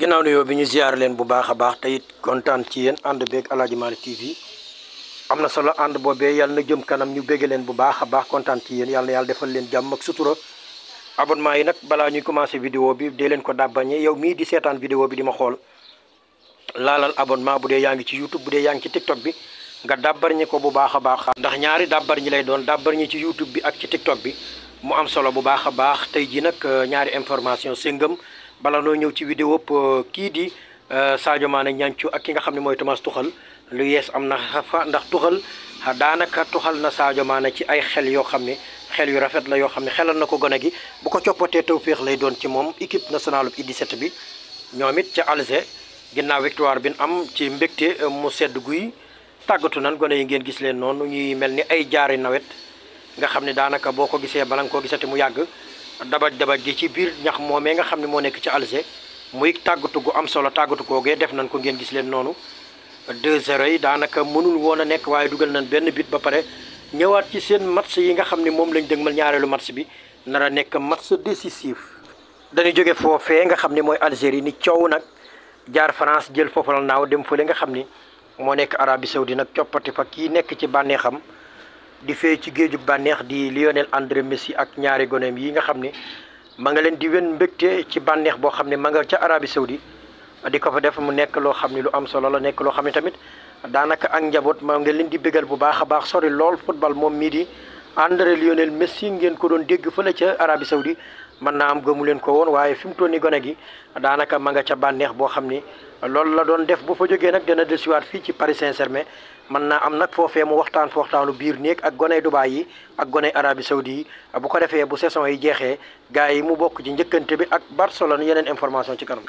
ginnaaw nuyoo bi ñu ziar leen bu baax a baax te it ci yéen ànd beeg El Hadj Malick TV am na solo ànd boobee yal na jëm kanam ñu bége leen bu baax a baax kontaan ci yéen yàlla yàlla defal leen jàmm ak sutura. abonnement yi nag balaa ñuy commencé vidéo bi dee leen ko dàbbañe yow mii di seetaan vidéo bi di ma xool laalal abonnement bu dee yaa ngi ci YouTube bu dee yaa ngi ci TikTok bi nga dàbbar ñi ko bu baax a baax. ndax ñaari dàbbar ñi lay doon dàbbar ñi ci YouTube bi ak ci bi mu am solo bu baax a baax tey jii nag ñaari information sëngëm bala noo ñëw ci vidéo ëpp euh, kii di euh, Sadio Mané ñancu ak ki nga xam ne mooy Thomas Tuchel lu yees am na fa ndax Tuchel ah, daanaka Tuchel na saajo Mané ci ay xel yoo xam ne xel yu rafet la yoo xam ne xelal na ko gone gi bu ko coppatee tawféex lay doon ci moom équipe nationale U17 bi ñoom it ca Alger ginnaaw victoire bi am ci mbégte euh, mu sedd guy tàggatu nan gone yi ngeen gis leen noonu ñuy mel ni ay jaari nawet nga xam ne daanaka boo ko gisee bala nga koo gisati mu yàgg dabaj-dabaj gi ci biir ñax moomee nga xam ne moo nekk ci Alger muy tàggatu gu am solo tàggatu googee def nañ ko ngeen gis leen noonu 2-0 yi daanaka mënul woon a nekk waaye dugal nañ benn bit ba pare ñëwaat ci seen match yi nga xam ni moom lañ mal ñaareelu match bi nar a nekk match décisif. dañu jóge foofee nga xam ni mooy Algérie ni coow nag jaar France jël foofu la naaw dem fële nga xam ni moo nekk Arabie Saoudi nag coppati fa kii nekk ci bànneexam. di fee ci géejug bànneex di Lionel André Messi ak ñaari goneem yi nga xam ne ma nga leen di wen mbégte ci bànneex boo xam ne ma nga ca Arabie Saoudi di ko fa def mu nekk loo xam ne lu am solo la nekk loo xam ne tamit daanaka ak njaboot ma nga leen di bégal bu baax a baax sori lool football moom mii di André Lionel Messi ngeen ko doon dégg fële ca Arabie Saoudi mën naa am gëmu leen ko woon waaye fi mu toll nii gone gi daanaka ma nga ca bànneex boo xam ni loolu la doon def bu fa jógee nag dana dellusiwaat fii ci Paris Saint-Germain mën naa am nag foofee mu waxtaan fa waxtaanu biir néeg ak goney Dubaay yi ak goney Arabie Saoudi yi bu ko defee bu saison yi jeexee gars yi mu bokk ci njëkkante bi ak Barcelone yeneen information ci kanam.